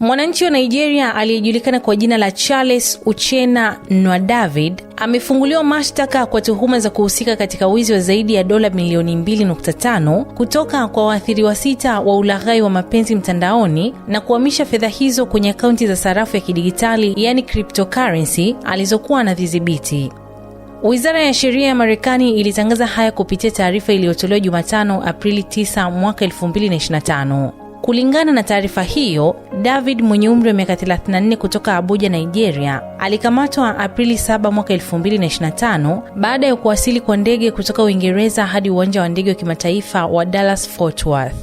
Mwananchi wa Nigeria aliyejulikana kwa jina la Charles Uchena Nwa David amefunguliwa mashtaka kwa tuhuma za kuhusika katika wizi wa zaidi ya dola milioni 2.5 kutoka kwa waathiriwa sita wa ulaghai wa mapenzi mtandaoni na kuhamisha fedha hizo kwenye akaunti za sarafu ya kidigitali yani cryptocurrency alizokuwa anadhibiti. Wizara ya Sheria ya Marekani ilitangaza haya kupitia taarifa iliyotolewa Jumatano Aprili 9 mwaka 2025. Kulingana na taarifa hiyo, David mwenye umri wa miaka 34 kutoka Abuja, Nigeria, alikamatwa Aprili 7 mwaka 2025 baada ya kuwasili kwa ndege kutoka Uingereza hadi uwanja wa ndege wa kimataifa wa Dallas Fort Worth.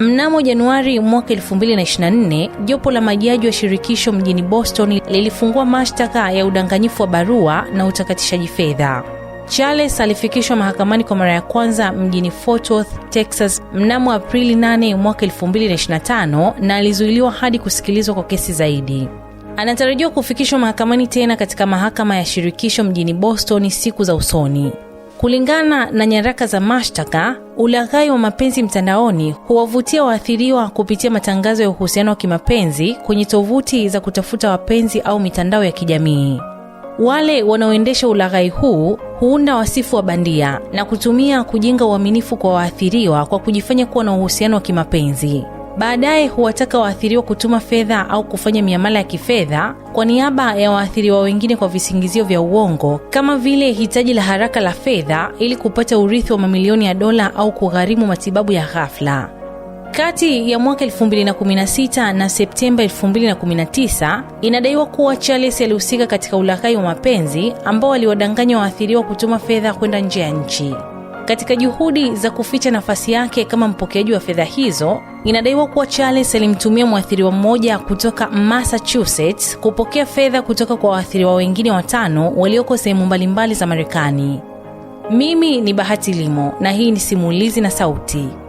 Mnamo Januari mwaka 2024, jopo la majaji wa shirikisho mjini Boston lilifungua mashtaka ya udanganyifu wa barua na utakatishaji fedha. Charles alifikishwa mahakamani kwa mara ya kwanza mjini Fort Worth, Texas mnamo Aprili 8 mwaka 2025 na alizuiliwa hadi kusikilizwa kwa kesi zaidi. Anatarajiwa kufikishwa mahakamani tena katika mahakama ya shirikisho mjini Boston siku za usoni. Kulingana na nyaraka za mashtaka, ulaghai wa mapenzi mtandaoni huwavutia waathiriwa kupitia matangazo ya uhusiano wa kimapenzi kwenye tovuti za kutafuta wapenzi au mitandao ya kijamii. Wale wanaoendesha ulaghai huu huunda wasifu wa bandia na kutumia kujenga uaminifu kwa waathiriwa kwa kujifanya kuwa na uhusiano wa kimapenzi. Baadaye huwataka waathiriwa kutuma fedha au kufanya miamala ya kifedha kwa niaba ya waathiriwa wengine kwa visingizio vya uongo kama vile hitaji la haraka la fedha ili kupata urithi wa mamilioni ya dola au kugharimu matibabu ya ghafla. Kati ya mwaka 2016 na Septemba 2019 inadaiwa kuwa Charles alihusika katika ulaghai wa mapenzi ambao aliwadanganya waathiriwa kutuma fedha kwenda nje ya nchi. Katika juhudi za kuficha nafasi yake kama mpokeaji wa fedha hizo, inadaiwa kuwa Charles alimtumia mwathiriwa mmoja kutoka Massachusetts kupokea fedha kutoka kwa waathiriwa wengine watano walioko sehemu mbalimbali za Marekani. Mimi ni Bahati Limo na hii ni Simulizi na Sauti.